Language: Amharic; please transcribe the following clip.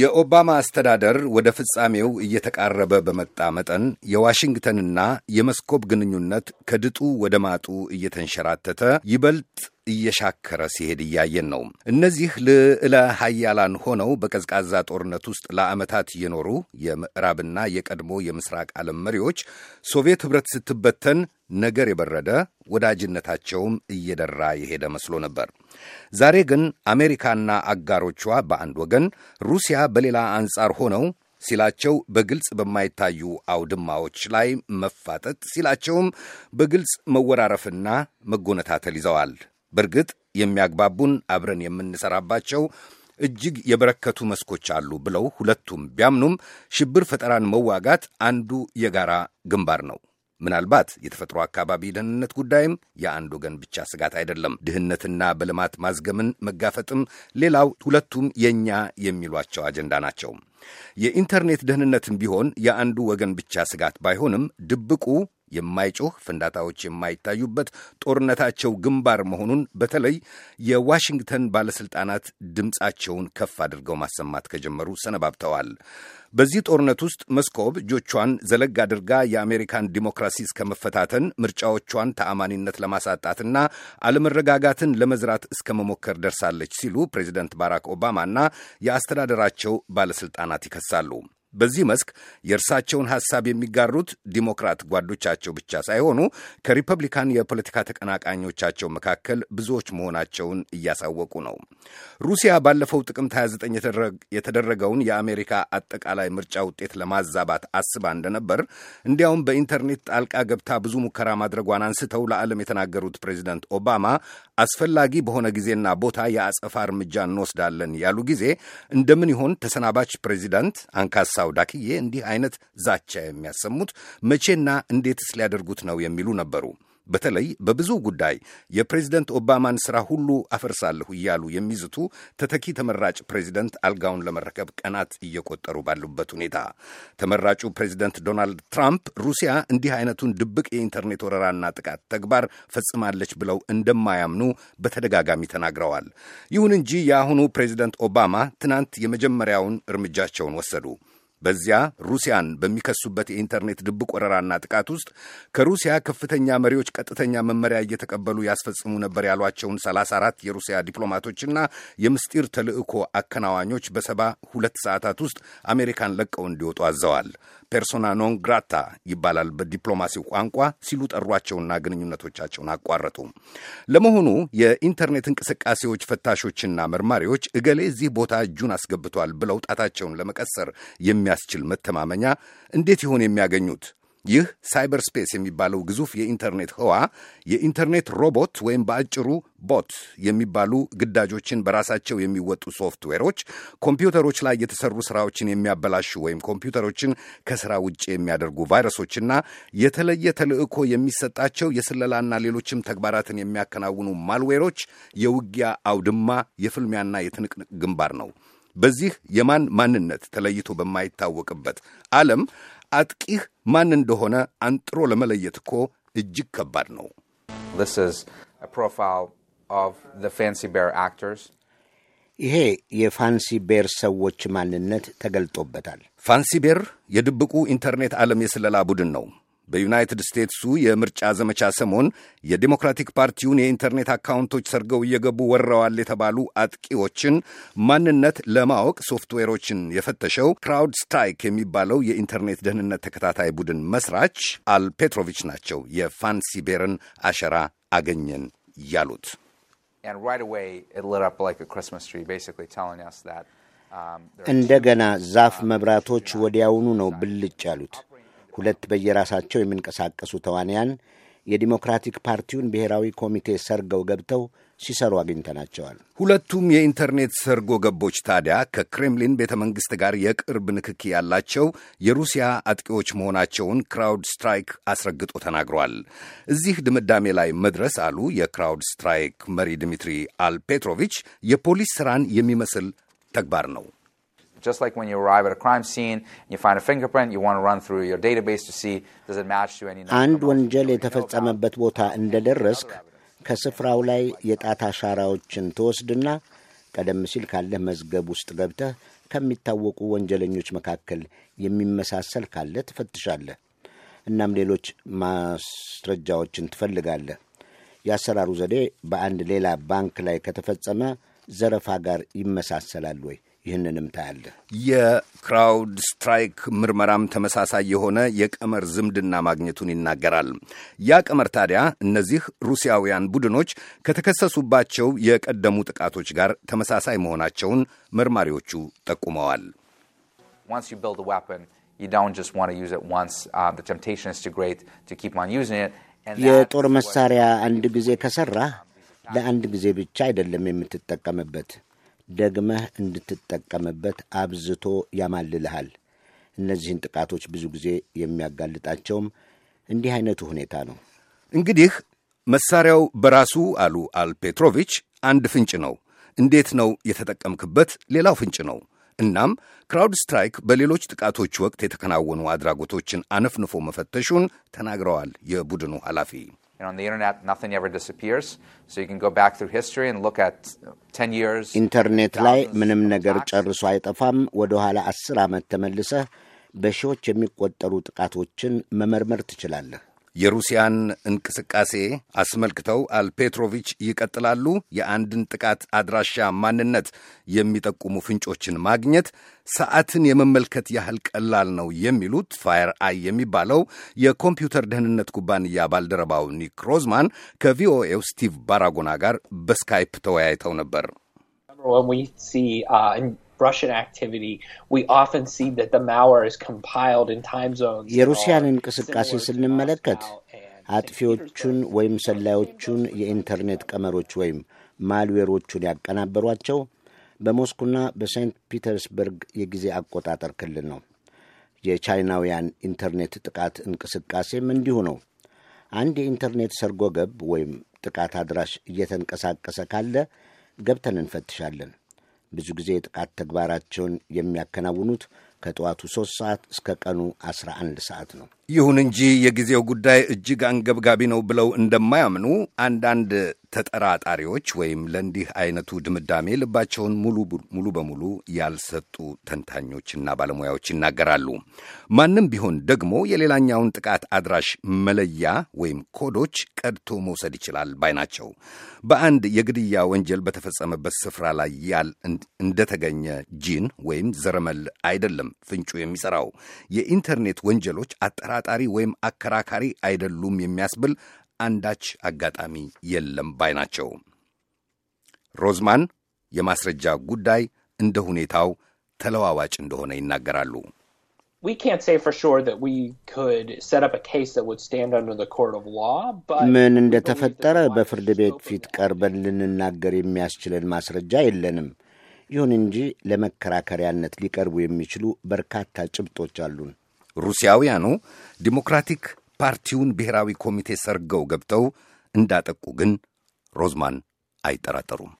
የኦባማ አስተዳደር ወደ ፍጻሜው እየተቃረበ በመጣ መጠን የዋሽንግተንና የመስኮብ ግንኙነት ከድጡ ወደ ማጡ እየተንሸራተተ ይበልጥ እየሻከረ ሲሄድ እያየን ነው። እነዚህ ልዕለ ሀያላን ሆነው በቀዝቃዛ ጦርነት ውስጥ ለዓመታት የኖሩ የምዕራብና የቀድሞ የምስራቅ ዓለም መሪዎች ሶቪየት ኅብረት ስትበተን ነገር የበረደ ወዳጅነታቸውም እየደራ የሄደ መስሎ ነበር። ዛሬ ግን አሜሪካና አጋሮቿ በአንድ ወገን፣ ሩሲያ በሌላ አንጻር ሆነው ሲላቸው በግልጽ በማይታዩ አውድማዎች ላይ መፋጠጥ ሲላቸውም በግልጽ መወራረፍና መጎነታተል ይዘዋል። በእርግጥ የሚያግባቡን አብረን የምንሰራባቸው እጅግ የበረከቱ መስኮች አሉ ብለው ሁለቱም ቢያምኑም ሽብር ፈጠራን መዋጋት አንዱ የጋራ ግንባር ነው። ምናልባት የተፈጥሮ አካባቢ ደህንነት ጉዳይም የአንድ ወገን ብቻ ስጋት አይደለም። ድህነትና በልማት ማዝገምን መጋፈጥም ሌላው ሁለቱም የእኛ የሚሏቸው አጀንዳ ናቸው። የኢንተርኔት ደህንነትም ቢሆን የአንዱ ወገን ብቻ ስጋት ባይሆንም ድብቁ የማይጮህ ፍንዳታዎች የማይታዩበት ጦርነታቸው ግንባር መሆኑን በተለይ የዋሽንግተን ባለሥልጣናት ድምፃቸውን ከፍ አድርገው ማሰማት ከጀመሩ ሰነባብተዋል። በዚህ ጦርነት ውስጥ መስኮብ እጆቿን ዘለግ አድርጋ የአሜሪካን ዲሞክራሲ እስከመፈታተን ምርጫዎቿን ተአማኒነት ለማሳጣትና አለመረጋጋትን ለመዝራት እስከ መሞከር ደርሳለች ሲሉ ፕሬዚደንት ባራክ ኦባማና የአስተዳደራቸው ባለሥልጣናት ይከሳሉ። በዚህ መስክ የእርሳቸውን ሐሳብ የሚጋሩት ዲሞክራት ጓዶቻቸው ብቻ ሳይሆኑ ከሪፐብሊካን የፖለቲካ ተቀናቃኞቻቸው መካከል ብዙዎች መሆናቸውን እያሳወቁ ነው። ሩሲያ ባለፈው ጥቅምት 29 የተደረገውን የአሜሪካ አጠቃላይ ምርጫ ውጤት ለማዛባት አስባ እንደነበር እንዲያውም በኢንተርኔት ጣልቃ ገብታ ብዙ ሙከራ ማድረጓን አንስተው ለዓለም የተናገሩት ፕሬዚደንት ኦባማ አስፈላጊ በሆነ ጊዜና ቦታ የአጸፋ እርምጃ እንወስዳለን ያሉ ጊዜ እንደምን ይሆን ተሰናባች ፕሬዚዳንት አንካሳ ካሳው ዳክዬ እንዲህ አይነት ዛቻ የሚያሰሙት መቼና እንዴትስ ሊያደርጉት ነው የሚሉ ነበሩ። በተለይ በብዙ ጉዳይ የፕሬዚደንት ኦባማን ሥራ ሁሉ አፈርሳለሁ እያሉ የሚዝቱ ተተኪ ተመራጭ ፕሬዚደንት አልጋውን ለመረከብ ቀናት እየቆጠሩ ባሉበት ሁኔታ ተመራጩ ፕሬዚደንት ዶናልድ ትራምፕ ሩሲያ እንዲህ አይነቱን ድብቅ የኢንተርኔት ወረራና ጥቃት ተግባር ፈጽማለች ብለው እንደማያምኑ በተደጋጋሚ ተናግረዋል። ይሁን እንጂ የአሁኑ ፕሬዚደንት ኦባማ ትናንት የመጀመሪያውን እርምጃቸውን ወሰዱ። በዚያ ሩሲያን በሚከሱበት የኢንተርኔት ድብቅ ወረራና ጥቃት ውስጥ ከሩሲያ ከፍተኛ መሪዎች ቀጥተኛ መመሪያ እየተቀበሉ ያስፈጽሙ ነበር ያሏቸውን 34 የሩሲያ ዲፕሎማቶችና የምስጢር ተልዕኮ አከናዋኞች በሰባ ሁለት ሰዓታት ውስጥ አሜሪካን ለቀው እንዲወጡ አዘዋል። ፐርሶና ኖን ግራታ ይባላል በዲፕሎማሲው ቋንቋ ሲሉ ጠሯቸውና ግንኙነቶቻቸውን አቋረጡ። ለመሆኑ የኢንተርኔት እንቅስቃሴዎች ፈታሾችና መርማሪዎች እገሌ እዚህ ቦታ እጁን አስገብቷል ብለው ጣታቸውን ለመቀሰር የሚያስችል መተማመኛ እንዴት ይሆን የሚያገኙት? ይህ ሳይበር ስፔስ የሚባለው ግዙፍ የኢንተርኔት ህዋ የኢንተርኔት ሮቦት ወይም በአጭሩ ቦት የሚባሉ ግዳጆችን በራሳቸው የሚወጡ ሶፍትዌሮች፣ ኮምፒውተሮች ላይ የተሰሩ ስራዎችን የሚያበላሹ ወይም ኮምፒውተሮችን ከስራ ውጭ የሚያደርጉ ቫይረሶችና የተለየ ተልዕኮ የሚሰጣቸው የስለላና ሌሎችም ተግባራትን የሚያከናውኑ ማልዌሮች የውጊያ አውድማ የፍልሚያና የትንቅንቅ ግንባር ነው። በዚህ የማን ማንነት ተለይቶ በማይታወቅበት ዓለም አጥቂህ ማን እንደሆነ አንጥሮ ለመለየት እኮ እጅግ ከባድ ነው። ይሄ የፋንሲ ቤር ሰዎች ማንነት ተገልጦበታል። ፋንሲ ቤር የድብቁ ኢንተርኔት ዓለም የስለላ ቡድን ነው። በዩናይትድ ስቴትሱ የምርጫ ዘመቻ ሰሞን የዲሞክራቲክ ፓርቲውን የኢንተርኔት አካውንቶች ሰርገው እየገቡ ወረዋል የተባሉ አጥቂዎችን ማንነት ለማወቅ ሶፍትዌሮችን የፈተሸው ክራውድ ስትራይክ የሚባለው የኢንተርኔት ደህንነት ተከታታይ ቡድን መስራች አል ፔትሮቪች ናቸው የፋንሲ ቤርን አሸራ አገኘን ያሉት። um, እንደገና ዛፍ uh, መብራቶች ወዲያውኑ ነው ብልጭ ያሉት። ሁለት በየራሳቸው የሚንቀሳቀሱ ተዋንያን የዲሞክራቲክ ፓርቲውን ብሔራዊ ኮሚቴ ሰርገው ገብተው ሲሰሩ አግኝተናቸዋል። ሁለቱም የኢንተርኔት ሰርጎ ገቦች ታዲያ ከክሬምሊን ቤተ መንግሥት ጋር የቅርብ ንክኪ ያላቸው የሩሲያ አጥቂዎች መሆናቸውን ክራውድ ስትራይክ አስረግጦ ተናግሯል። እዚህ ድምዳሜ ላይ መድረስ አሉ የክራውድ ስትራይክ መሪ ድሚትሪ አልፔትሮቪች የፖሊስ ሥራን የሚመስል ተግባር ነው። Just like when you arrive at a crime scene and you find a fingerprint, you want to run through your database to see does it match to any አንድ ወንጀል የተፈጸመበት ቦታ እንደደረስክ ከስፍራው ላይ የጣት አሻራዎችን ትወስድና ቀደም ሲል ካለህ መዝገብ ውስጥ ገብተህ ከሚታወቁ ወንጀለኞች መካከል የሚመሳሰል ካለ ትፈትሻለህ። እናም ሌሎች ማስረጃዎችን ትፈልጋለህ። የአሰራሩ ዘዴ በአንድ ሌላ ባንክ ላይ ከተፈጸመ ዘረፋ ጋር ይመሳሰላል ወይ? ይህንንም ታያለ። የክራውድ ስትራይክ ምርመራም ተመሳሳይ የሆነ የቀመር ዝምድና ማግኘቱን ይናገራል። ያ ቀመር ታዲያ እነዚህ ሩሲያውያን ቡድኖች ከተከሰሱባቸው የቀደሙ ጥቃቶች ጋር ተመሳሳይ መሆናቸውን መርማሪዎቹ ጠቁመዋል። uh, የጦር መሳሪያ አንድ ጊዜ ከሰራ ለአንድ ጊዜ ብቻ አይደለም የምትጠቀምበት ደግመህ እንድትጠቀምበት አብዝቶ ያማልልሃል። እነዚህን ጥቃቶች ብዙ ጊዜ የሚያጋልጣቸውም እንዲህ አይነቱ ሁኔታ ነው። እንግዲህ መሳሪያው በራሱ አሉ አልፔትሮቪች፣ አንድ ፍንጭ ነው። እንዴት ነው የተጠቀምክበት ሌላው ፍንጭ ነው። እናም ክራውድ ስትራይክ በሌሎች ጥቃቶች ወቅት የተከናወኑ አድራጎቶችን አነፍንፎ መፈተሹን ተናግረዋል የቡድኑ ኃላፊ። And on the internet, nothing ever disappears. So you can go back through history and look at 10 years. ኢንተርኔት ላይ ምንም ነገር ጨርሶ አይጠፋም። ወደ ኋላ 10 ዓመት ተመልሰህ በሺዎች የሚቆጠሩ ጥቃቶችን መመርመር ትችላለህ። የሩሲያን እንቅስቃሴ አስመልክተው አልፔትሮቪች ይቀጥላሉ። የአንድን ጥቃት አድራሻ ማንነት የሚጠቁሙ ፍንጮችን ማግኘት ሰዓትን የመመልከት ያህል ቀላል ነው የሚሉት ፋየር አይ የሚባለው የኮምፒውተር ደህንነት ኩባንያ ባልደረባው ኒክ ሮዝማን ከቪኦኤው ስቲቭ ባራጎና ጋር በስካይፕ ተወያይተው ነበር። Russian activity, we often see that the malware is compiled in time zones. የሩሲያን እንቅስቃሴ ስንመለከት አጥፊዎቹን ወይም ሰላዮቹን የኢንተርኔት ቀመሮች ወይም ማልዌሮቹን ያቀናበሯቸው በሞስኩና በሴንት ፒተርስበርግ የጊዜ አቆጣጠር ክልል ነው። የቻይናውያን ኢንተርኔት ጥቃት እንቅስቃሴም እንዲሁ ነው። አንድ የኢንተርኔት ሰርጎ ገብ ወይም ጥቃት አድራሽ እየተንቀሳቀሰ ካለ ገብተን እንፈትሻለን። ብዙ ጊዜ የጥቃት ተግባራቸውን የሚያከናውኑት ከጠዋቱ ሶስት ሰዓት እስከ ቀኑ አስራ አንድ ሰዓት ነው። ይሁን እንጂ የጊዜው ጉዳይ እጅግ አንገብጋቢ ነው ብለው እንደማያምኑ አንዳንድ ተጠራጣሪዎች ወይም ለእንዲህ አይነቱ ድምዳሜ ልባቸውን ሙሉ በሙሉ ያልሰጡ ተንታኞችና ባለሙያዎች ይናገራሉ። ማንም ቢሆን ደግሞ የሌላኛውን ጥቃት አድራሽ መለያ ወይም ኮዶች ቀድቶ መውሰድ ይችላል ባይ ናቸው። በአንድ የግድያ ወንጀል በተፈጸመበት ስፍራ ላይ ያል እንደተገኘ ጂን ወይም ዘረመል አይደለም ፍንጩ የሚሰራው። የኢንተርኔት ወንጀሎች አጠራጣሪ ወይም አከራካሪ አይደሉም የሚያስብል አንዳች አጋጣሚ የለም ባይ ናቸው። ሮዝማን የማስረጃ ጉዳይ እንደ ሁኔታው ተለዋዋጭ እንደሆነ ይናገራሉ። ምን እንደተፈጠረ በፍርድ ቤት ፊት ቀርበን ልንናገር የሚያስችለን ማስረጃ የለንም። ይሁን እንጂ ለመከራከሪያነት ሊቀርቡ የሚችሉ በርካታ ጭብጦች አሉን። ሩሲያውያኑ ዲሞክራቲክ ፓርቲውን ብሔራዊ ኮሚቴ ሰርገው ገብተው እንዳጠቁ ግን ሮዝማን አይጠራጠሩም።